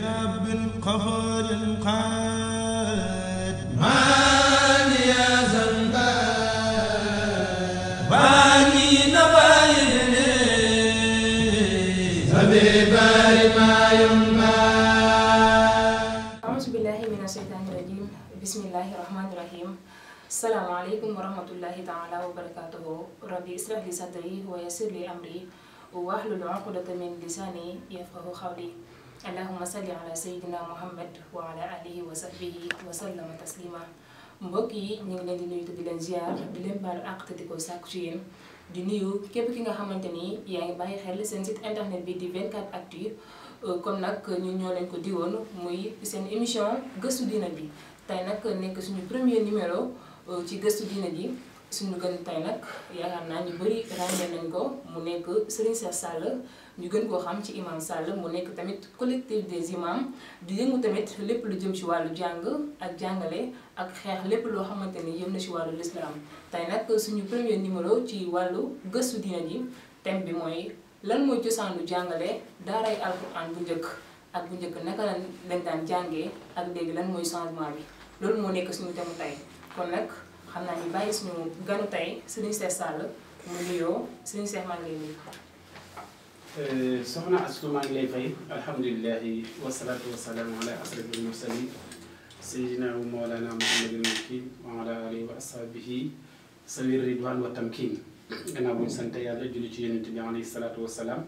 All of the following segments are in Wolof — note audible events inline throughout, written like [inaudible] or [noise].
برب القهر القاد ماني يا زنبان باني نبايني سبي باري ما ينبا أعوذ بالله من الشيطان الرجيم بسم الله الرحمن الرحيم السلام عليكم ورحمة الله تعالى وبركاته ربي اسرح لي صدري ويسر لي أمري واحلل عقدة من لساني يفقه قولي allahuma salli ala sayidina muhammad wa ala alihi wa sahbihi wa sallama taslima mbokk yi ñu ngi leen di nuyu di leen ziar di leen baal àq nga xamante ni yaa ngi bàyyi xel seen site internet bi di 24 actu comme euh, nag ñu ñoo leen ko diwoon muy seen émission gëstu diina bi tey nag nekk suñu premier numéro euh, ci gëstu diina bi suñu gan tey nag yaakaar naa ñu bëri ràññee nañ ko mu nekk Serigne Cheikh Sall ñu gën koo xam ci imam Sall mu nekk tamit collectif des imams di yëngu tamit lépp lu jëm ci wàllu jàng ak jàngale ak xeex lépp loo xamante ni yëm na ci wàllu lislaam tey nag suñu premier numéro ci wàllu gëstu diina ji thème bi mooy lan mooy cosaanu jàngale daaray alquran bu njëkk ak bu njëkk naka lañ daan jàngee ak léegi lan mooy changement bi loolu moo nekk suñu thème tey xam naa ni bàyyi suñu ganu tey Serigne Cheikh Sall mu nuyoo Serigne Cheikh maa ngi lay nuyu. Euh, soxna Astou maa ngi lay fay alhamdulilahi wasalaatu wasalaamu ala asrafil mursalin sayyidina wa mawlana muhammadin makin wa ala alihi wa ashabihi sawir ridwan bu sant yàlla julli ci yonent bi alayhi salaatu wasalaam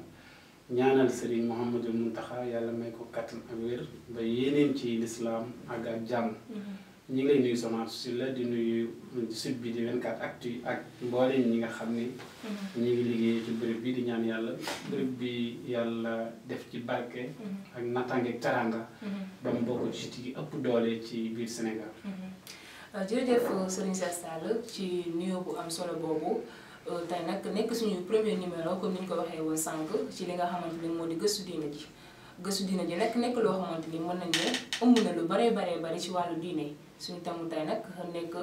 ñaanal Serigne Mouhamadul Muntaxa yàlla may ko kattan ak wér ba yéeneen ci lislaam ak ak jàmm mhm. ñi ngi lay nuyu Soxna Astou Sylla di nuyu site bi di 24 actu ak mboolem ñi nga xam ni mhm. ñu ngi liggéey ci bërëb bi di ñaan yàlla. bërëb bi yàlla def ci barke. Mhm. ak nattaangeeg taranga. Mhm. ba mu bokk ci site ëpp doole ci biir Sénégal. Euh, jërëjëf ko euh, Cheikh Sall ci nuyoo bu am solo boobu. Euh, te nag nekk suñu premier numéro comme ni ko waxee woon sànq ci li nga xamante ni moo di gëstu diine ji gëstu diine ji nag nekk loo xamante ni mën nañu ne ëmb na lu baree baree bari ci wàllu diine suñu tamu tey nag nekk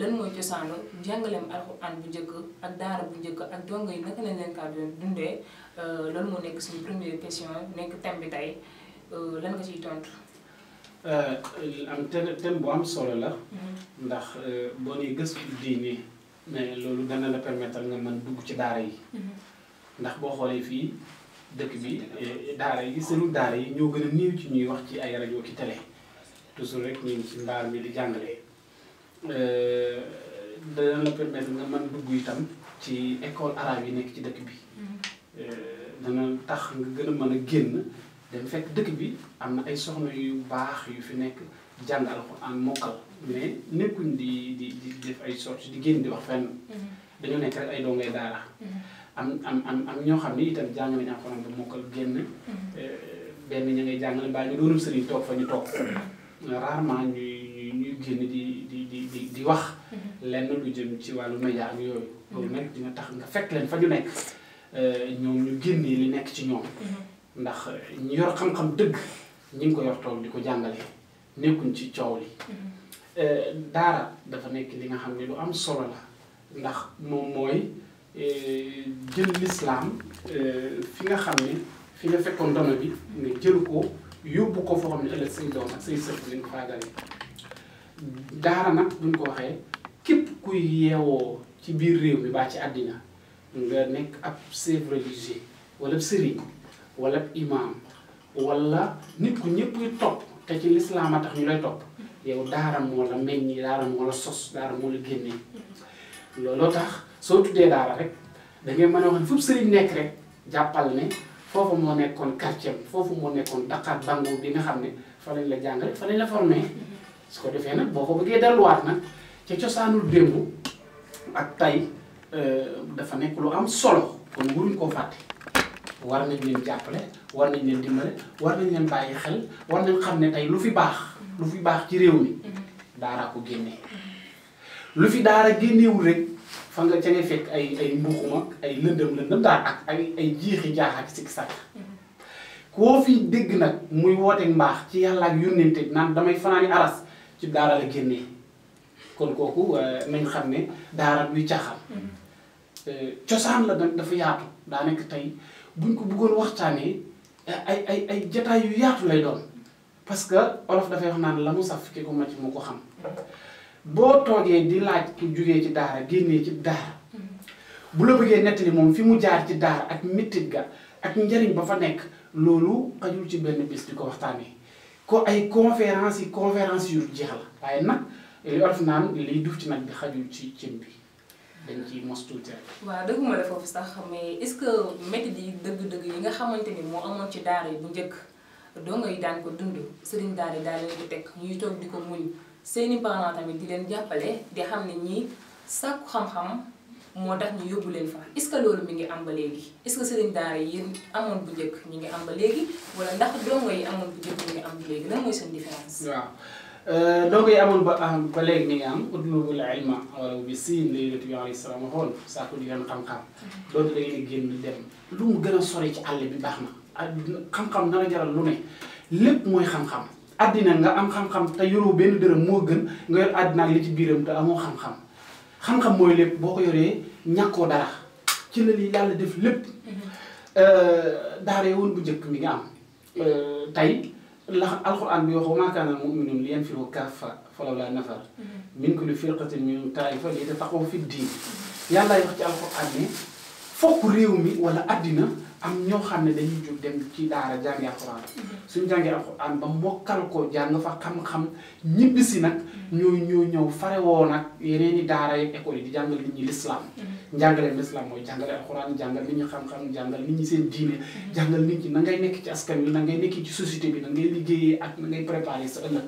lan mooy cosaanu njàngaleem alxuraan bu njëkk ak daara bu njëkk ak dongo yi naka lañ leen kaa dundee euh, lan moo nekk suñu première question nekk thème bi tey euh, lan nga ciy tontu. Euh, am thème boo am solo la. Mm-hmm. ndax boo nee gëstu diine mais loolu dana la permettre nga mën dugg ci daara yi. Mm-hmm. ndax boo xoolee fii dëkk bi daara yi sëru daara yi ñoo gën a néew ci ñuy wax ci ay rajo ki télé. toujours rek ñu ngi ci mbaar mi di jàngale euh, dana la permettre nga mën dugg itam ci école arabe yi nekk ci dëkk bi mhm. euh, dana tax nga gën a mën a génn dem fekk dëkk bi am na ay soxna yu baax yu fi nekk jàng alxuraan mokkal mais nekkuñ di di def ay sorties di génn di wax fenn mhm. dañoo nekk ay dongay daara mhm. am am am am ñoo xam ne itam jàng nañu alxuraan ba mokkal génn euh, benn ña ngay jàngale mbaa ñu doonul sëriñ toog fa ñu toog rarement ñuy ñuy génn di di di di wax. Mhm. lenn lu jëm ci wàllu média ak yooyu. Mhm. loolu nag tax nga fekk leen fa ñu nekk euh, ñoom ñu génnee li nekk ci ñoom. Mhm. ndax ñu yor xam-xam dëgg ñu ngi ko yor toog di ko jàngale nekkuñ ci coow li. Euh, daara dafa nekk li nga xam ne lu am solo la ndax moom mooy euh, jël lislaam fi nga xam ne fi nga fekkoon dono bi nga jël ko. yóbbu ko foo xam ne ëllëg say doom ak say sëf bi ñu daara nag buñ ko waxee képp kuy yeewoo ci biir réew mi baa ci àddina nga nekk ab chef religieux wala sëriñ wala imam wala nit ku ñëpp topp te ci lislaam a tax ñu lay topp yow daara moo la meññi daara moo la sos daara moo la génnee looloo tax soo tuddee daara rek dangay ngay mën a wax ne fu sëriñ nekk rek jàppal ne foofu moo nekkoon quartier foofu moo nekkoon Dakar Bango bi nga xam ne fa lañ la jàngale fa lañ la formé su ko defee nag boo ko bëggee delluwaat nag ca cosaanul démb ak tay euh, dafa nekk lu am solo kon wuruñ koo fàtte war nañ leen jàppale war nañ leen dimbale war nañ leen bàyyi xel war nañ xam ne tay lu fi baax lu fi baax ci réew mi daaraa ko génnee lu fi daara génnewul rek fa nga ca fekk ay ay mbuxum ak ay lëndëm lëndëm daal ak ay ay jiixi jaaxaak sikki sàkk koo fi dégg nag muy woote mbaax ci yàlla ak yónnente naan damay fanaani aras ci daara la génnee kon kooku euh, nañ xam ne daara luy caaxaan mm-hmm. euh, cosaan la nag dafa yaatu daa nekk tey buñ ko bëggoon waxtaanee ay ay ay jataay yu yaatu lay doon parce que olof dafay wax naan la mu saf ki ko mu ko xam boo toogee di laaj ku jugee ci daara génnee ci daara bu la bëggee nettali moom fi mu jaar ci daara ak mettit ga ak njariñ ba fa nekk loolu xajul ci benn bis di ko waxtaanee ko ay conférence yi conférence yu jeex la waaye nag li olof naan liy duuf ci nag bi xajul ci cin bi dañ ciy mos tuuti rek. waaw dëgguma la foofu sax mais est-ce que yi dëgg-dëgg yi nga xamante ni moo amoon ci daara yi bu njëkk dongo yi daan ko dund sëriñ daara yi daal leen ko teg ñuy toog di ko muñ. seeni parents tamit di leen jàppale di xam ne ñii sàkku xam-xam moo tax ñu yóbbu leen fa est ce que loolu mi ngi am ba léegi est ce que sëriñ daara yi amoon bu njëkk ñu ngi am ba léegi wala ndax dongo yi amoon bu njëkk ñu ngi am ba léegi lan mooy seen différence. waaw euh, dongo yi amoon ba ah, ba léegi ñu ngi am utlubul ilma wala bi siin la yonent bi alayhi salaam waxoon sàkku di leen xam-xam. loolu mhm. da génn dem lu mu gën a sori ci àll bi baax na ah xam-xam dana lu ne lépp mooy xam àddina nga am xam-xam te yoroo benn dërëm moo gën nga yor àddina li ci biiram te amoo xam-xam xam-xam mooy lépp boo ko yoree ñàkkoo dara ci la li yàlla def lépp mhm. euh, daaree woon bu njëkk bi nga am euh, tey la alxuraan bi wax wa maa kaana al-mu'minuuna liyanfiruu kaaffatan falawlaa nafara mhm. min kulli firqatin minhum taa'ifatun liyatafaqqahuu fi ddiin mhm. yàlla wax ci alxuraan ne fokk réew mi wala àddina am ñoo xam ne dañuy jóg dem ci daara jàngi alxuraan mhm. suñu jàngi alxuraan ba mokkal ko jàng fa xam-xam ñibbisi nag mhm. ñu ñoo ñëw farewoo nag yeneen i daara yeeg école yi di jàngal nit ñi lislaam mhm. njàngale lislaam mooy jàngale alxuraan jàngal nit ñi xam-xam jàngal nit ñi seen diine jàngal nit ñi na ngay nekk ci askan wi na ngay nekk ci société bi na ngay liggéeyee ak na ngay préparer sa ëllëg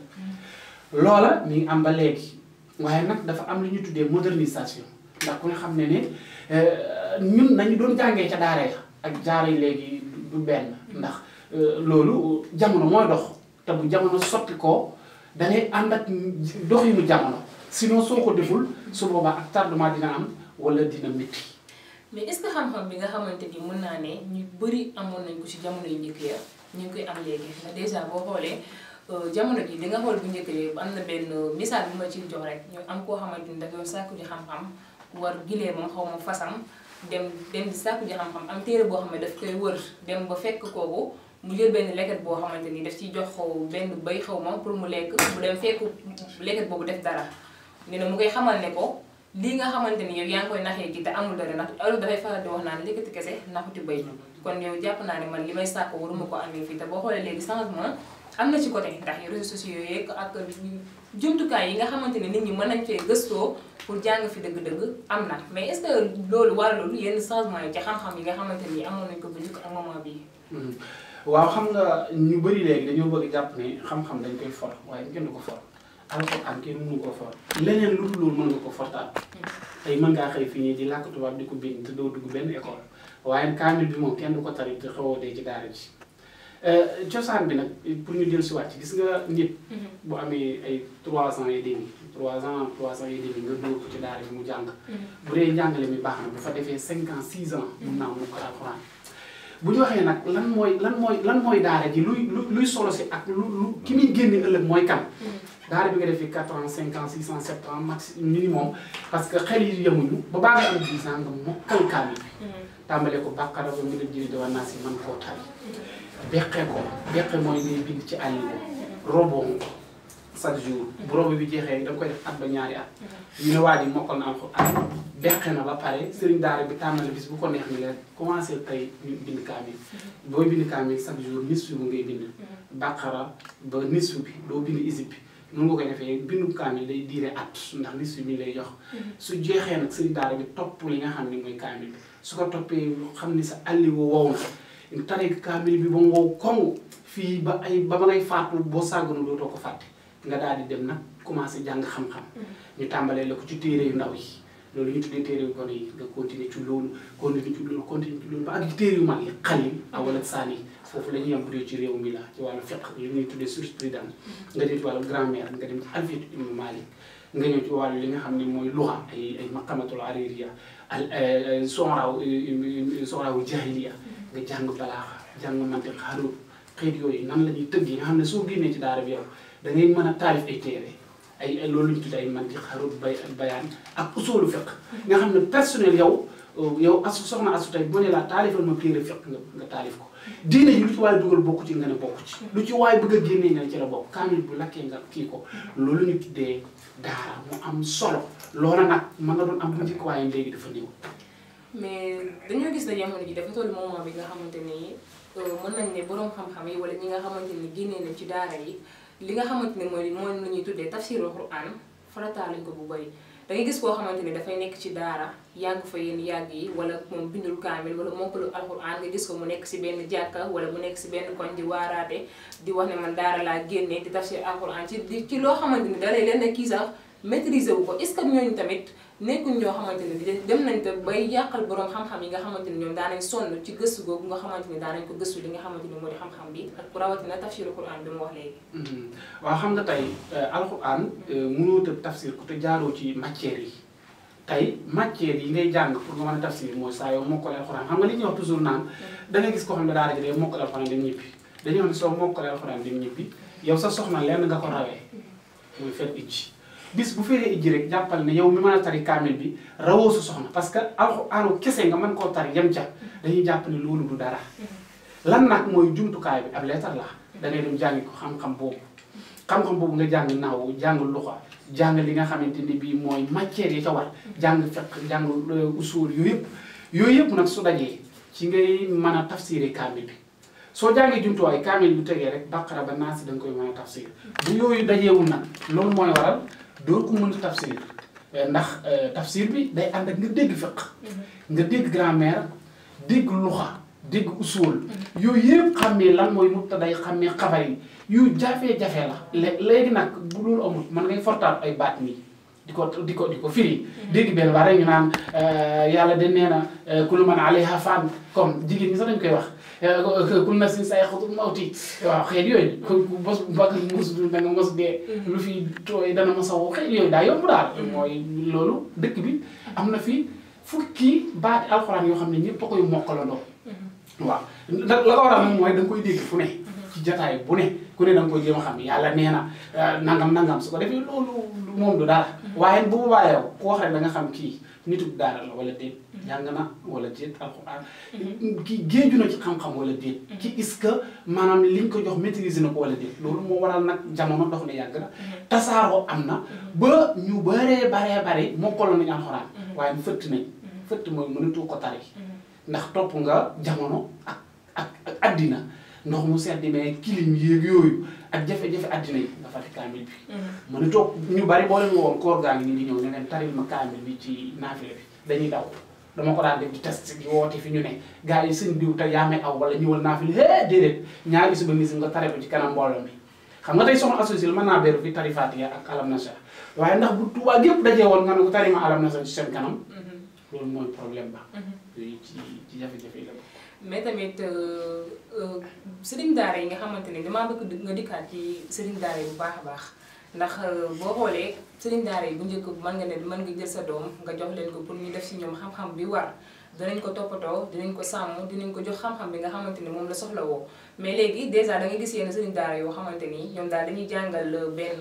loola mi ngi am ba léegi waaye nag dafa am lu ñu tuddee modernisation ndax ku ne xam ne ne euh, ñun nañu doon jàngee ca daara ya ak jaaro yi léegi du benn ndax euh, loolu jamono mooy dox te bu jamono sotti ko da ngay ànd ak doxinu jamono sinon soo ko deful su boobaa ak tardement dina am wala dina métti. mais est-ce que xam bi nga xamante ni mën naa ne ñu bëri amoon nañ ko ci jamono yu njëkk ya ñu ngi koy am léegi nga déjà boo xoolee euh, jamono ji di nga xool am na benn misaal bi ma ciy jox rek ñu am koo xamante ni da nga sàkku ji xam-xam war gilee moom xaw ma fasam. dem dem di sàkku ji xam-xam am téere boo xam ne daf koy wër dem ba fekk kooku mu jël benn lekket boo xamante nii daf ciy jox benn bay xaw ma pour mu lekk mu dem fekk lekket boobu def dara nee na mu koy xamal ne ko lii nga xamante ni yow yaa ngi koy naxee gi te amul dara ndax alof dafay faral di wax naan lekkati kese naxuti bay kon yow jàpp naa ne man li may sàkk waruma ko amee fii te boo xoolee léegi changement am na ci côté ndax yu réseaux sociaux yeeg ak jumtukaay yi nga xamante ne nit ñi mën nañ fee gëstoo pour jàng fi dëgg-dëgg am na mais est-ce que loolu waralul changement yi ci xam yi nga xamante ni amoon nañ ko bu njëkk hmm. waaw xam nga ñu bëri léegi dañoo bëgg jàpp ni xam-xam dañ koy for waaye kenn du ko for alxuraan kenn mënu ko for leneen lu dul loolu mën nga ko fortaat tey hmm. mën ngaa xëy fi ñuy di làkk tubaab di ko bind te doo dugg waaye kaamil bi moom kenn du ko tari te xewoo dee ci daara ji euh, cosaan nag pour ñu dellu si ci gis nga nit mhm. bu amee ay trois ans et demi trois ans trois ans et demi nga dugal ko ci daara bi mu jàng mhm. bu dee njàngale mi baax na bu fa defee cinq ans six ans mun naa mun ko alxuraan bu ñu waxee nag lan mooy lan mooy lan mooy daara ji luy luy solo si ak lu ki muy génne ëllëg mooy kan mhm. daara bi nga defee quatre ans cinq ans six ans sept ans max minimum parce que xel yi yemuñu ba baax nga am dix ans nga mokkal kaamil bi tàmbalee ko bàqara ba mu ne jëri dawa naa si man koo tari beqe ko beqe mooy ngay bind ci àll ko robon jour bu robo bi jeexee da nga koy def at ba ñaari at ñu ne waa ji mokkal na alxuraan beqe na ba pare sëriñ daara bi tàmbale bis bu ko neex ni leen commencé tey ñu bind kaamil booy bind kaamil chaque jour nisfu bu ngay bind bàqara ba nisfu bi loo bind isib bi nu nga ko defee bindu kaamil lay diire at ndax nisfu bi lay jox mm-hmm. su jeexee nag sëriñ daara bi topp li nga xam ne mooy kaamil su ko toppee xam ni sa àlli woo wow na tari kaamil bi ba mu wow koŋ fii ba ay ba ma ngay faatu boo sàgganu dootoo ko fàtte nga daal di dem nag commencé jàng xam-xam mm. ñu tàmbalee la ko ci téere yu ndaw yi loolu ñu tuddee téere yu kon yi nga continuer ci loolu continuer ci loolu ba ak téere yu mag yi xalil awal ak saani foofu la ñuy yem bu dee ci réew mi la ci wàllu fiqh yi ñuy tuddee jurisprudence mm. nga dem ci wàllu grammaire nga dem ci alfiyatu ibn nga ñëw ci wàllu li nga xam ne mooy luxa ay ay maqamatul aririya al euh, soxraaw euh, euh, soxraawu jahiliya nga jàng balaaxa jàng mantiq xarub xeet yooyu nan la ñuy tëgg yi nga xam ne soo génnee ci daara bi yow da ngay mën a taalif ay téere ay loolu ñu tudd ay mantiq xarub bay bayaan ak usoolu fiq nga xam ne personnel yow yow asu soxna asu tey bu ne la taalifal ma téere fiq nga nga taalif ko diine ji lu ci waaye dugal bokku ci nga ne bokku ci lu ci waaye bëgg a génnee nga ne ci la bokk kaamil bu lakkee nga kii ko loolu ñu tuddee daara mu am solo loola nag mën nga doon am bu njëkk waaye léegi dafa néew mais dañoo gis ne jamono ji dafa toll moment bi nga xamante ni euh, mën nañ ne boroom xam-xam yi wala ñi nga xamante ni génnee nañ ci daara yi li nga xamante ne mooy mooy la ñuy tuddee tafsirul Quran farataal lañ ko bu bëri da gis koo xamante ni dafay nekk ci daara yàgg fa yenn yàgg yi wala moom bindul kaamil wala mokkalu alxuraan nga gis ko mu nekk si benn jàkka wala mu nekk si benn koñ di waaraate di wax ne man daara laa génne di tafsir alxuraan ci ci loo xamante ni da leen ne kii sax maîtriser wu ko est ce que ñooñu tamit nekkuñ ñoo xamante ne di dem nañ te bay yàqal boroom xam-xam yi nga xamante ni ñoom daanañ sonn ci gëstu googu nga xamante ne daanañ ko gëstu li nga xamante ni moo di xam-xam bi ak rawatina tafsiru quran bi mu wax léegi mm-hmm. waaw xam nga tey euh, alquran euh, mënoo tëb tafsir ku te jaaroo ci matières yi tey matière yi ngay jàng pour nga mën a tafsir mooy saa yow mokkale alxuraan xam nga li ñuy wax toujours naan da nga gis koo xam ne daara ji day mokkale alxuraan dem ñibbi dañoo ne soo mokkale alxuraan dem ñibbi bis bu feeree ijji rek jàppal na yow mi mën a tari kaamil bi rawoo sa soxna parce que alxuraanu kese nga man koo tari yem ca dañuy jàpp loolu du dara lan nag mooy jumtukaay bi ab leetar la da dem jàngi ko xam-xam boobu xam-xam boobu nga jàng naaw jàng luxa jàng li nga xamante ni bii mooy matière yi ca war jàng fekk jàng euh, usul yooyu yëpp yooyu yëpp nag su dajee ci ngay mën a tafsiré kaamil bi soo jàngee jumtuwaay kaamil bu tegee rek baqara ba naasi da nga koy mën a tafsir bu yooyu dajeewul nag loolu mooy doo ko mën a tafsir eh, ndax eh, tafsir bi day ànd ak nga dégg fiq mhm. nga dégg grammaire dégg luxa dégg usul mhm. yooyu yëpp xàmmee lan mooy mut mubtaday xàmmee xabar yi yu jafe-jafe la léegi nag bu loolu man mën ngay fortaal ay baat nii di ko di ko di ko firi. dégg benn wax rek ñu naan euh, yàlla de nee na euh, kullu man alayha fan comme jigéen ñi sax dañ koy wax euh, kullu nafsin sayaqutul mawti waaw xeet yooyu bos bakk mos da nga mos mm-hmm. daal. Mm-hmm. mooy loolu dëkk bi am na fi fukki baati alxuraan yoo xam ne ñëpp a koy mokkalandoo. Mm-hmm. waaw la ko waral nag mooy da koy dégg fu ne. ci jataay bu ne. ku ne da nga koy jéem a xam yàlla nee na euh, nangam nangam su ko defee loolu moom du dara. Mm-hmm. waaye bu boobaa ku wax rek da xam kii nitu daara la wala déet. Mm-hmm. jàng na wala déet alxuraan. Mm-hmm. ki géeju na ci xam-xam wala déet. ci est-ce que maanaam liñ ko jox maîtriser na ko wala déet loolu moo waral nag jamono dox ne yàgg na. tasaaroo am na. ba ñu bëree baree bare mokkaloon nañu alxuraan. waaye mu fëtt nañ. fëtt ma mënatoo ko tari. ndax topp nga jamono ak ak ak addina. ndox mu sedd mais kilim yéeg yooyu ak jafe-jafe àddina yi nga fàtte kaamil bi. mën mm-hmm. a toog ñu bari boo leen woon koor gaa ngi nii di ñëw ne leen taril ma kaamil bi ci naafile bi dañuy daw dama ko daan def di test di woote fi ñu ne gars yi seen diw te yaa may aw wala ñëwal naafile hee déedéet ñaari suba ngi si nga tare ko ci kanam mbooloo bi xam nga tey soxna associé mën naa beeru fi tari Faatiha ak alam nasa waaye ndax bu tubaab yëpp dajee woon nga ne ko tarima alam nasa ci seen mm-hmm. problème ba. Mm-hmm. yooyu ci ci jafe mais tamit euh, euh, sëriñ daara yi nga xamante ne damaa bëgg nga dikkaat ci sëriñ daara yi bu baax baax ndax euh, boo xoolee sëriñ daara yi bu njëkk mën nga ne mën nga jël sa doom nga jox leen ko pour ñu def si ñoom xam bi war danañ ko toppatoo dinañ ko sàmm dinañ ko jox xam-xam nga xamante ni moom la soxla woo mais léegi dèjà da nga gis yenn sëriñ daara yoo xamante ni ñoom daal dañuy jàngal benn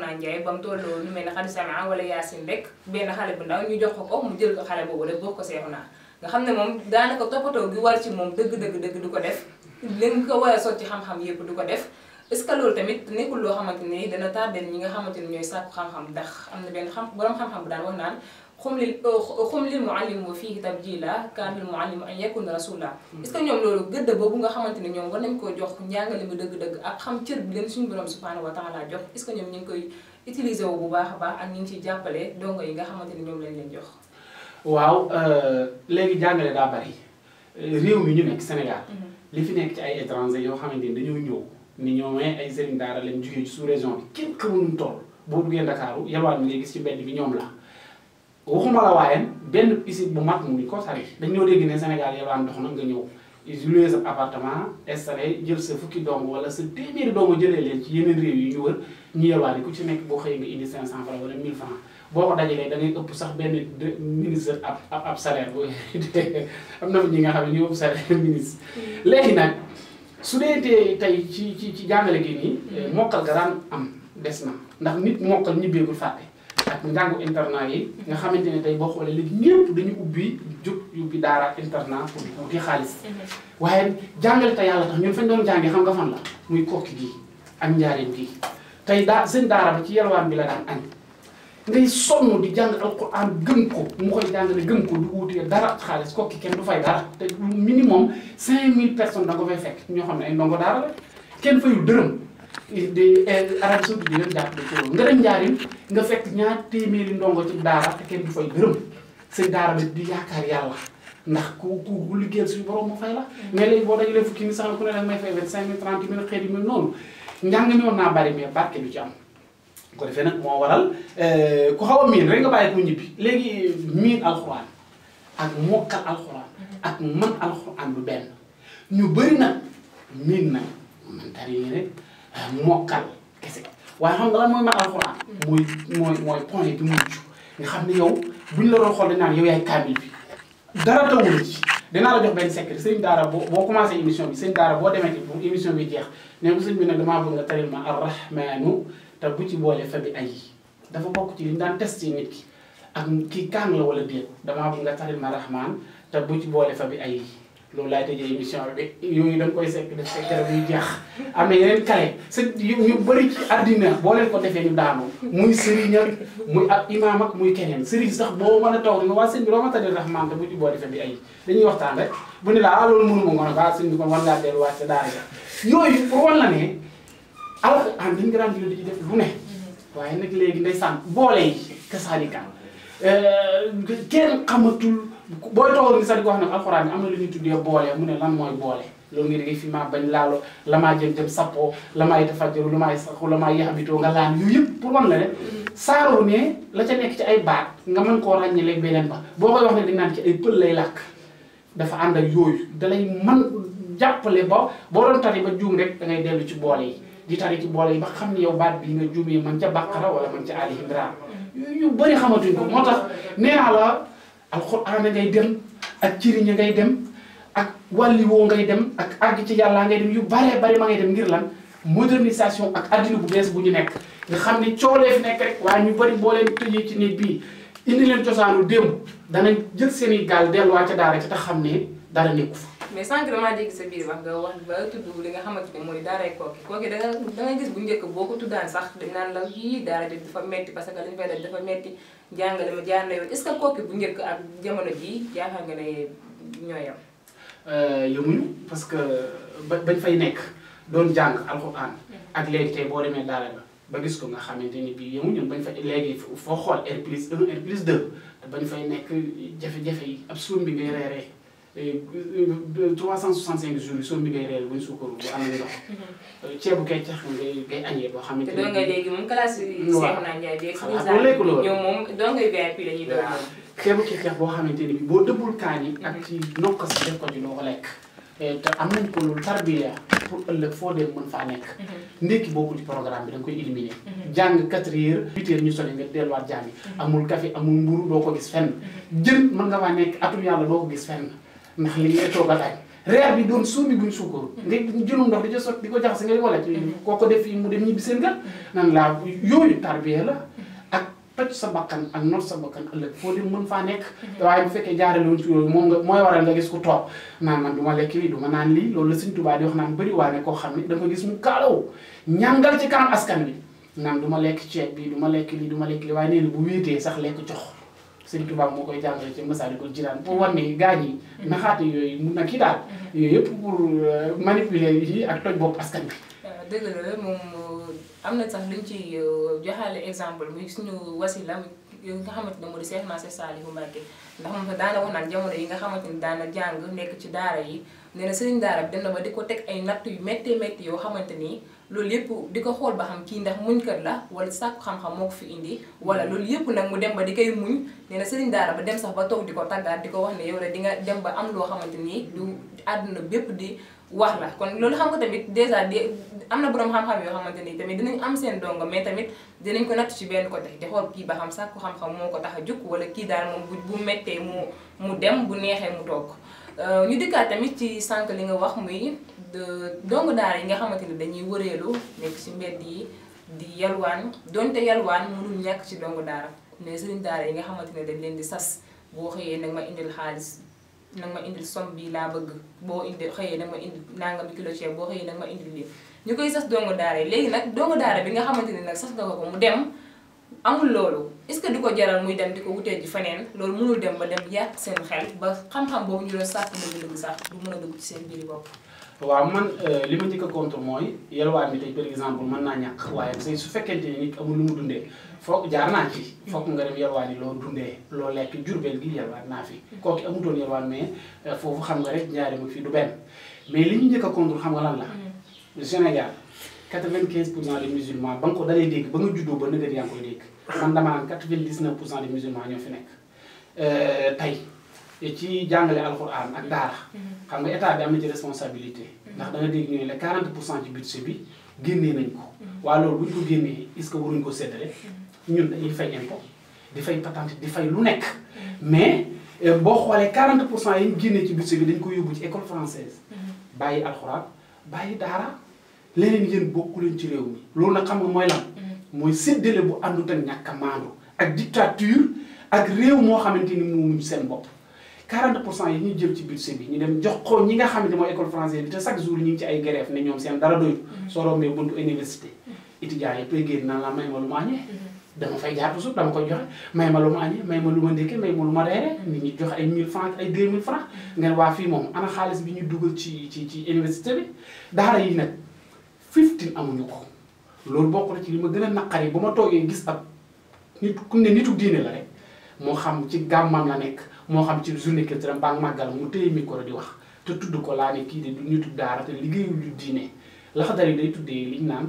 naa Njaay ba mu tolloo nu may ne xadisama wala yaasin rek benn xale bu ndaw ñu jox ko ko mu jël ko xale boobu rek bokk ko naa nga xam ne moom daanaka toppatoo gi war ci moom dëgg-dëgg dëgg du ko def leen ko war a sotti xam-xam yëpp du ko def est que loolu tamit nekkul loo xamante ni dana tardel ñi nga xamante ni ñooy sàkku xam-xam ndax am na benn xam borom xam-xam bu daan wax naan xum lil xum lil muallim wa fiihi tabjila kaan lil muallim an ñoom nga xamante ni ñoom war nañ koo jox njàngale mu dëgg-dëgg ak xam cër bi leen suñu borom subhanahu wa taala jox est ce que ñoom ñu ngi koy utiliser bu baax a baax ak ñu ngi ciy jàppale dongo yi nga xamante ni ñoom lañ leen jox waaw euh, léegi jàngale daa bari euh, réew mi ñu nekk Sénégal. Mhm. li fi nekk ci ay étranger yoo xamante ni dañoo ñëw ni ñoom ay sëriñ daara lañ jugee ci sous région bi kenn xamul ñu toll boo duggee Ndakaaru yalwaan bi ngay gis ci mbedd bi ñoom la. waxuma la waaye benn usine bu mat mu ngi ko sari dañ ñoo dégg ne Sénégal yalwaan dox na nga ñëw loué sa appartement installé jël sa fukki doom wala sa téeméeri dong jëlee leen ci yeneen réew yi ñu wër. ñu yewaale ku ci nekk boo xëyee nga indi 500 francs wala 1000 francs boo ko dajalee da ëpp sax benn ministre ab ab salaire bu [laughs] am na ñi nga xam ne ñu ëpp salaire ministre. Mm. léegi nag su dee tey tey ci ci ci jàngale gi nii. Mm. Eh, mokkal ga am des na ndax nit mokkal ñibbeegul fàtte. ak njàngu internat yi nga xamante ne tey boo xoolee léegi ñëpp dañu ubbi jóg ubbi daara internat pour di xaalis mm-hmm. waaye jàngale te yàlla tax ñun doon jàngee xam nga fan la muy kokki gi ak njaareem gi tey daa seen daara bi ci yelwaan bi la daan añ ngay sonn di jàng alquran gëm ko mu koy jàngale gëm ko du wutee dara xaalis kokki kenn du fay dara te minimum 5000 personnes da nga fekk ñoo xam ne ay ndongo kenn fayul dërëm di eh, Arabie Saoudite di leen nga dem njaarim nga fekk ñaar téeméeri ndongo ci daara te kenn du fay dërëm seen daara bi di yaakaar yàlla ndax ku ku ku liggéeyal suñu borom mu fay la mm. mais léegi boo dajalee fukki ni sax ku ne dag may fay vingt mille trente mille noonu njàng mi war naa bari mais barke du ci am ko defee nag moo waral euh, ku xaw a miin rek nga bàyyi ko ñibbi léegi miin alxuraan ak mokkal alxuraan ak man alxuraan lu benn ñu bëri nag miin nag man tari nii rek mokkal kese waaye xam nga lan mooy man alxuraan mooy mooy mooy point bi mujj nga xam ne yow buñ la doon xool dañ naan yow yaay kaamil bi dara tawul ci dinaa la jox benn secret sëñ Daara boo boo commencé émission bi sëñ Daara boo demee ci émission bi jeex nee na sëñ bi nag damaa bëgg nga taril ma arrahmaanu te bu ci boole fa bi ay dafa bokk ci li ñu daan nit ki kii kaang la wala déet damaa bëgg nga taril ma rahmaan te bu ci boole fa bi ay loolu laay tëjee émission bi yooyu da koy sekk def sekk rek yuy am na yeneen kale sëñ yu ñu boo leen ko defee ñu daanu muy sëriñ ak muy ab imaam muy keneen sëriñ sax boo mën a nga waa sëñ bi doo ma taril rahmaan te bu ci boole fa bi ay dañuy waxtaan rek bu ne laa ah loolu mënu ma nga ne ko ah sëñ bi kon war daara ja yooyu pour wan la ne alxuraan dañ grande yooyu di def lu ne waaye nag léegi ndeysaan boole yi kasaalikaan euh, kenn xamatul booy toogal ngi sax di ko wax nag alxuraan am na lu ñuy tuddee boole mu ne ngi fi maa bañ laalo la maa jëm jëm sappoo la maay tafajaru la maay saxu la maay yaxabitoo nga laan yooyu yëpp pour wan la ne saaroo ne la ca nekk ci ay baat nga mën koo ràññee léeg beneen ba boo koy wax ne dañ naan ci ay pël lay làkk dafa ànd ak yooyu dalay man jàppale ba boo doon tari ba juum rek da ngay dellu ci boole yi di tari ci bool yi ba xam ne yow baat bi nga juumee man ca bàqara wala man ca ali imran yu bëri xamatuñ ko moo tax nee naa la alxuraan ngay dem ak ciriña ngay dem ak wàlli woo ngay dem ak àgg ci yàllaa ngay dem yu bëree bari ma ngay dem ngir lan modernisation ak adduna bu bees bu ñu nekk nga xam ne coolee fi nekk rek waaye ñu bari mbooleen tëjee ci nit bii indi leen cosaanu démb danañ jël seen i gaal delluwaat ca daara ca te xam ne dara nekku mais sànq damaa dégg sa biir wax nga wax ba tudd li nga xamante ne mooy daaray kooki kooki da nga da gis bu njëkk boo ko tuddaan sax dañ naan la yii daara ji dafa metti parce que lañ fay def dafa metti jàngale ma jaar na yoon est ce que kooki bu njëkk ak jamono jii yaakaar nga ne ñooyam euh, parce que ba bañ fay nekk doon jàng alxuraan mm-hmm. ak léegi tey boo demee daara la ba gis ko nga xamante ni bii yemuñu bañ fay léegi foo xool R plus 1 R plus 2 bañ fay nekk jafe-jafe yi ab suum bi ngay reeree 365 eh, eh, jours yi soo mi ngay réer buñ sukkandu bu amee ndox. Mhm. ceebu kay cax boo xamante ne. te doo ngay léegi moom classe bi. waaw xam nga léegi loolu moom doo ngay VIP la ñuy ceebu kay boo xamante ne boo dëbbul kaan ak mhm. ci nokk si def ko ci doo ko lekk. Eh, te am nañ ko loolu tarbiya pour ëllëg foo dee mën faa nekk. Mhm. ndekki bokku ci programme bi da nga koy éliminer. jàng 4 heures 8 heures ñu soli nga delluwaat jàng yi. amul café amul mburu doo ko gis fenn. jën mën nga faa nekk atum yàlla doo ko gis fenn. ndax li ngay toogal añ reer bi doon suumi buñ suukaru mm. nga jëlum ndox di ca sot di ko jaxase nga di ko laaj mm. koo ko def yi mu dem ñibbi seen kër mm. nan laa yooyu tarbiya la ak toj sa bakkan ak not sa bakkan ëllëg foo dem mën faa nekk waaye bu fekkee jaarale woon ci moom nga mooy waral nga gis ku toog naan man du ma lekk lii du ma naan lii loolu la Sëñ Tuubaa di wax naan bëri waane koo xam ne da nga gis mu kaalaw ñàngal ci kanam askan bi naan du ma lekk ceeb bi du ma lekk lii du ma lekk lii waaye nee na bu wéetee sax lekk jox sëñ Tuubaa moo koy jàngale ci Masaalikul Jinaan pour mm-hmm. wan ne gaañ yi mm-hmm. naxaate yooyu mun na kii daal mm-hmm. yooyu yëpp pour euh, manipuler yi ak toj bopp askan bi euh, dëgg la moom euh, am na sax luñ ci joxaale exemple muy suñu wasila yooyu nga xamante ne moo di Cheikh Nassir Saliou Mbacké ndax moom daana wax naan jamono yi nga xamante ni daana jàng nekk ci daara yi nee na sëriñ daara bi dem ba di ko teg ay natt yu métti métti yoo xamante nii loolu yëpp di ko xool ba xam kii ndax muñ muñkat la wala sàkku xam-xam moo ko fi indi wala mm. loolu yëpp nag mu dem ba di koy muñ nee na sëriñ daara ba dem sax ba toog di ko tàggaat di ko wax ne yow la di nga dem ba am loo xamante nii lu àdduna bépp di wax la kon loolu xam nga tamit dèjà de am na borom xam-xam yoo xamante ni tamit dinañ am seen dongo mais tamit dinañ ko natt ci benn côté di xool kii ba xam sàkku xam-xam moo ko tax a jóg wala kii daal moom bu mettee mu mu dem bu neexee mu toog euh, ñu dikkaat tamit ci sànq li nga wax muy dongo daara yi nga xamante ni dañuy wëreelu nekk ci mbedd yi di yalwaan donte yalwaan mënul ñàkk ci dongo daara mais sëriñ daara yi nga xamante ne dañ leen di sas boo xëyee nag ma indil xaalis. nag ma indil somme bi laa bëgg boo indi xëyee nag ma indi nangam kilo ceeb boo xëyee nag ma indil lii ñu koy sas dongo daara yi léegi nag dongo daara bi nga xamante ni nag sas nga ko ko mu dem amul loolu est-ce que du ko jaral muy dem di ko wutee ji feneen loolu mënul dem ba dem yàq seen xel ba xam-xam boobu ñu doon sàkk dëgg-dëgg sax du mën a dugg ci seen biir bopp waaw man euh, li ma njëkk a contre mooy yelwaan bi tey par exemple mën naa ñàkk waaye say su fekkente ni nit amul lu mu dundee foog jaar naa ci mm-hmm. foog nga dem yelwaan yi loo dundee loo lekk jurbel gi yelwaan naa fi mm-hmm. kooki amutoon yelwaan mais euh, foofu xam nga rek ñaari ma fii du benn mais li ñu njëkk a contre xam nga lan la mm-hmm. Sénégal quatre-vingt-quinze pour cent des musulmans ba nga ko dalee dégg ba nga juddoo ba nëgët yaa ngi koy dégg man dama naan quatre ci jàngale alxuraan ak daara xam nga état bi am na ci responsabilité ndax da dégg ñu la 40 pour cent ci budget bi génnee nañ ko waa loolu bu ñu ko génnee est-ce que waruñ ko séddale ñun dañuy fay impôt di fay patente di fay lu nekk mais euh, boo xoolee 40 pour cent yi ñu génnee ci budget bi dañ koy yóbbu ci école française bàyyi alxuraan bàyyi daara leneen yéen bokku leen ci réew mi loolu nag xam nga mooy lan mooy séddale bu àndut ak ñàkk ak dictature ak réew moo xamante ni moomuñ seen bopp 40 pour cent yi ñu jël ci budget bi ñu dem jox ko ñi nga xam ne mooy école française bi te chaque jour ñu ngi ci ay grève ne ñoom seen dara doyul. Mm-hmm. soo rombee buntu université. étudiants yëpp lay génn la may ma lu ma añee. Mm-hmm. dama fay jaar toujours dama koy joxe may ma lu ma añee may ma lu ma ndékkee may ma lu ma reere mm-hmm. jox ay 1000 francs ay 2000 francs fii moom ana xaalis bi ñu dugal ci ci ci université bi daara yi nag 15 amuñu ko loolu bokk na ci li ma gën a naqari ba ma toogee gis ab nit ku ne nitu diine la rek moo xam ci gàmmam la nekk. moo xam ci journée culturelle mbaa màggal mu téye micro di wax te tudd ko laa ne kii de du ñu tudd daara te liggéeyul lu diine laxdar yi day tuddee liñ naan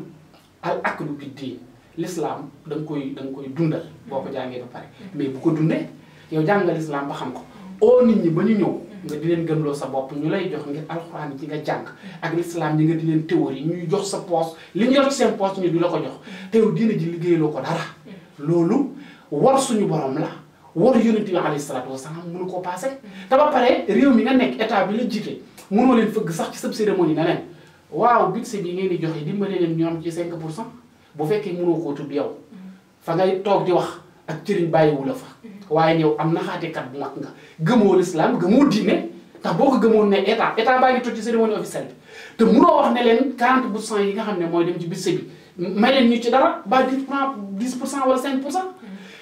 al aklu bi diin l'islam koy da koy dundal boo ko jàngee ba pare mm-hmm. mais bu ko dundee yow jàngal islam ba xam ko oo nit ñi ba ñu ñëw mm-hmm. nga di leen gëmloo sa bopp ñu lay jox ngir alxuraan ji nga jàng mm-hmm. ak lislaam ñi nga di leen yi ñuy jox sa poos li ñu yor seen poos ñu di la ko jox te yow diine ji liggéeyaloo ko dara loolu war suñu borom la war yonent bi alayhi koo paase. te ba pare réew mi nga nekk état bi la jiite mënoo leen fëgg sax ci sab cérémonie na leen waaw budget bi ngeen di joxe dimbale leen ñu am ci 5 pour cent bu fekkee mënoo koo tudd toog di wax ak cëriñ bàyyiwu la fa. waaye yow am naxaatekat bu mag nga gëmoo lislaam gëmoo diine ndax boo ko gëmoon ne état état baa ngi toj ci cérémonie officielle bi te mënoo wax ne leen 40 pour cent yi nga xam ne mooy dem ci budget bi may leen ñu ci dara ba 10 pour 10 pour cent pour cent.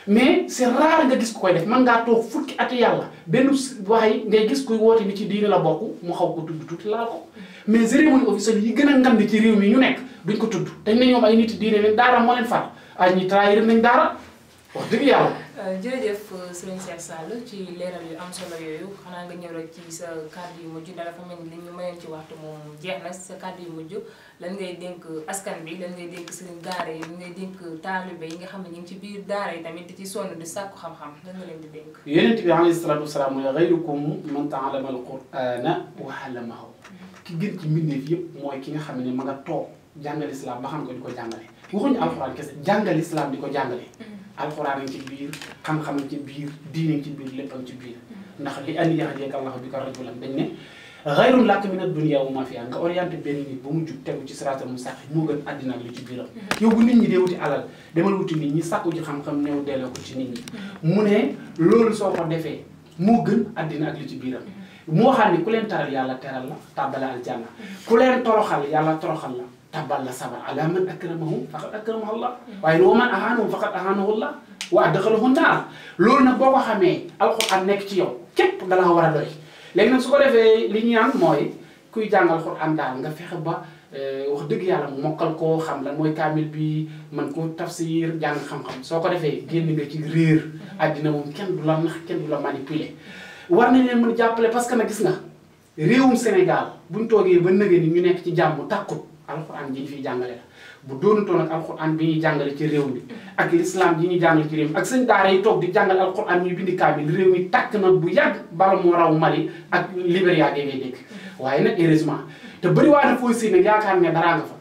mais c'est rare nga gis ko koy def man ngaa toog fukki at yàlla benn waay ngay gis kuy woote ni ci diine la bokk mu xaw ko tudd tuuti laa ko mais cérémonie officielle yi gën a ngand ci réew mi ñu nekk duñ ko tudd dañ ne ñoom ay nit diine leen daara moo leen far ay ñi trahir nañ daara wax dëgg yàlla. Euh, jërëjëf euh, sëriñ Cheikh Sall ci leeral yu am solo yooyu xanaa nga ñëw rek ci sa kàddu yu mujj ndax dafa mel ni li ñu ci waxtu moom jeex na sa kàddu yu mujj lan ngay dénk askan bi lan ngay dénk sëriñ daara yi lan ngay dénk taalibe yi nga xam ne ñu ngi ci biir daara yi tamit di ci sonn di sàkku xam-xam lan nga leen di dénk. yonent bi alayhi salaatu wasalaam mooy xayrukum man ta'allama al-qur'ana ki gën ci mbindeef yëpp mooy ki nga xam ne ma nga toog jàngal islam ba xam nga di ko jàngale waxuñu alxuraan kese jàngal islam di ko jàngale mm-hmm. alxuraan ci biir xam-xam ci biir diine ci biir lépp ci biir ndax li an yahdiyaka Allahu bika rajulan dañ ne xayrun laka mina dunya wa ma fiha nga orienté benn nit ba mu jub tegu ci siraatal mustaqim moo gën àddina ak li ci biiram mm-hmm. yow bu nit ñi dee wuti alal demal wuti nit ñi sàkku ji xam-xam néew delloo ko ci nit ñi mm-hmm. mu ne loolu soo ko defee moo gën àddina ak li ci biiram mu mm-hmm. xam ne ku leen taral yàlla teral la tàbbale aljanna ku leen toroxal tabal la sabar ala man akramahum faqad akramahu Allah waaye wa man ahaanahum faqad ahaanahu Allah wa adxalahu naar loolu nag boo ko xamee alxuraan nekk ci yow képp dala war a doy léegi nag su ko defee li ñu mooy kuy jàngal alxuraan daal nga fexe ba wax dëgg yàlla mokkal koo xam lan mooy kaamil bi man ko tafsir jàng xam-xam soo ko defee génn nga ci réer àddina moom kenn du la nax kenn du la war nañ leen mën jàppale parce que nag gis nga réewum Sénégal buñ toogee ba nëgë ni ñu nekk ci jàmm tàkkut alxuraan ji ñu fi jàngale la bu doonutoon ak alxuraan bi ñuy jàngale ci réew mi ak lislaam yi ñuy jàngale ci réew mi ak sëñ daara yi toog di jàngale alxuraan ñuy bindi kaamil réew mi tàkk na bu yàgg bala moo raw Mali ak Libéria gee ngay dégg waaye nag heureusement te bëri waa na foo si ne yaakaar ne daraa nga fa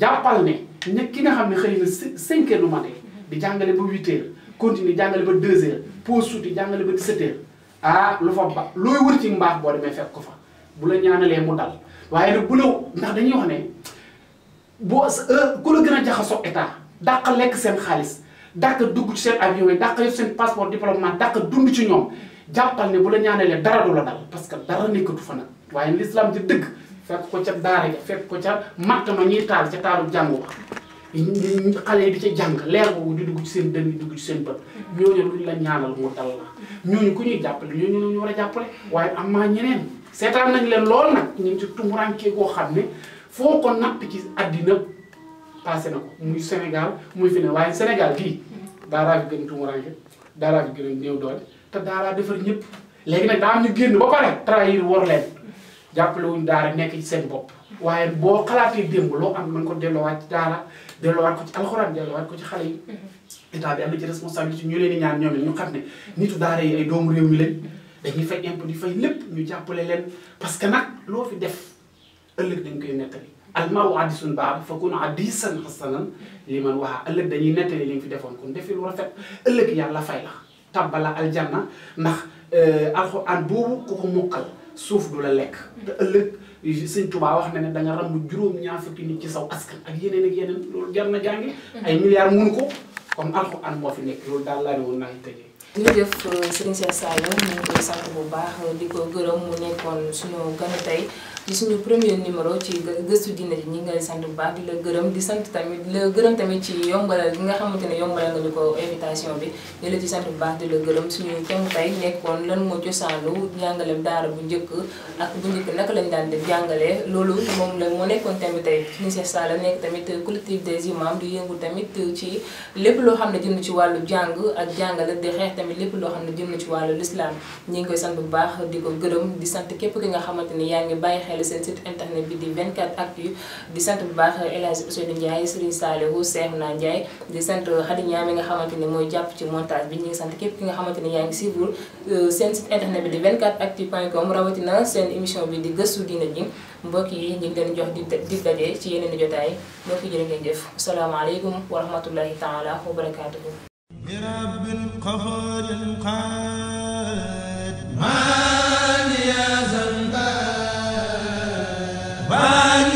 jàppal ne ñëpp ki nga xam ne xëy na cinq heures lu matin di jàngale ba huit heures continuer jàngale ba deux heures pause suuti jàngale ba dix-sept ah lu fa ba looy wër ci mbaax boo demee fekk ko fa bu la ñaanalee mu dal waaye nag bu la dañuy wax boo euh, ku la gën a jaxasoo état dàq lekk seen xaalis dàq dugg ci seen avion yi dàq yëpp seen passeport diplomate dàq dund ci ñoom jàppal ne bu la ñaanelee dara du la dal parce que dara nekkatu fa nag waaye l'islam di dëgg fekk ko ca daara ja fekk ko ca matt ma ñuy taal ca taalu jàngu wax xale yi bi ci jàng leer boobu di dugg ci seen dënn di dugg ci seen bët ñooñu luñ la ñaanal mu dal la ñooñu ku ñuy jàppale ñooñu la ñu war a jàppale waaye am maa ñeneen seetaan nañ leen lool ñu ci tumuraanke goo xam ne foo ko natt ci àddina passé na ko muy Sénégal muy fi ne waaye Sénégal gii daaraa bi gën a tuumaranke daaraa fi gën a néew doole te daaraa defar ñëpp léegi nag daa am ñu génn ba pare trahir war leen jàppale wuñ daara nekk ci seen bopp waaye boo xalaatee démb loo am mën ko delloowaat ci daara delloowaat ko ci alxuraan delloowaat ko ci xale yi mm-hmm. état bi am na ci responsabilité ñu leen di ñaan ñoom ñu xam ne nitu daara yi ay doomu réew mi leen mm-hmm. dañuy fay impôt di fay ñu jàppale leen parce que nag loo fi def ëllëg dañ koy nettali almaaru hadiisun ba'd fa kun hadiisan hasanan li man waxaa ëllëg dañuy nettali li nga fi defoon kon defi lu rafet ëllëg yàlla fay la tàbbala aljanna ndax euh, alxuraan boobu ku ko mokkal suuf du la lekk te ëllëg sëñ Tuubaa wax na ne da nga ràmb juróom-ñaar fukki nit ci saw askan ak ak yeneen loolu jar na jàngi mhm. moo fi nekk loolu daal laa ne woon naa euh, ngi sant bu baax di ko gërëm mu nekkoon suñu ganu tey ci suñu premier numéro ci gëstu diine ji ñi ngay sant bu baax di la gërëm di sant tamit la gërëm tamit ci yombalal gi nga xamante ne yombalal ñu ko invitation bi di la ci sant bu baax di la gërëm suñu thème nekkoon lan moo cosaanu jàngaleem daara bu njëkk ak naka lañ daan def jàngale loolu moom la moo nekkoon tamit tey suñu Cheikh Sall nekk tamit collectif des imams di yëngu tamit ci lépp loo xam ne jëm ci wàllu jàng ak jàngale di xeex tamit lépp loo xam ne jëm ci wàllu l'islam ñi ngi koy sant bu baax di ko gërëm di sant képp ki nga xamante ne yaa ngi bàyyi xel abonné seen site internet bi di 24 actu di sant bu baax El Hadj Ousseynou Ndiaye Serigne Saliou Cheikhouna Ndiaye di sant Khady Niang mi nga xamante mooy jàpp ci montage bi ñu ngi sant képp nga xamante yaa ngi suivre euh, seen site internet bi di 24 actu point com rawatina seen émission bi di gëstu diine ji mbokk yi ñu ngi leen jox di di daje ci yeneen jotaay mbokk yi jërë ngeen jëf salaamaaleykum wa rahmatullahi taala wa barakaatuhu. برب قهار قاد maa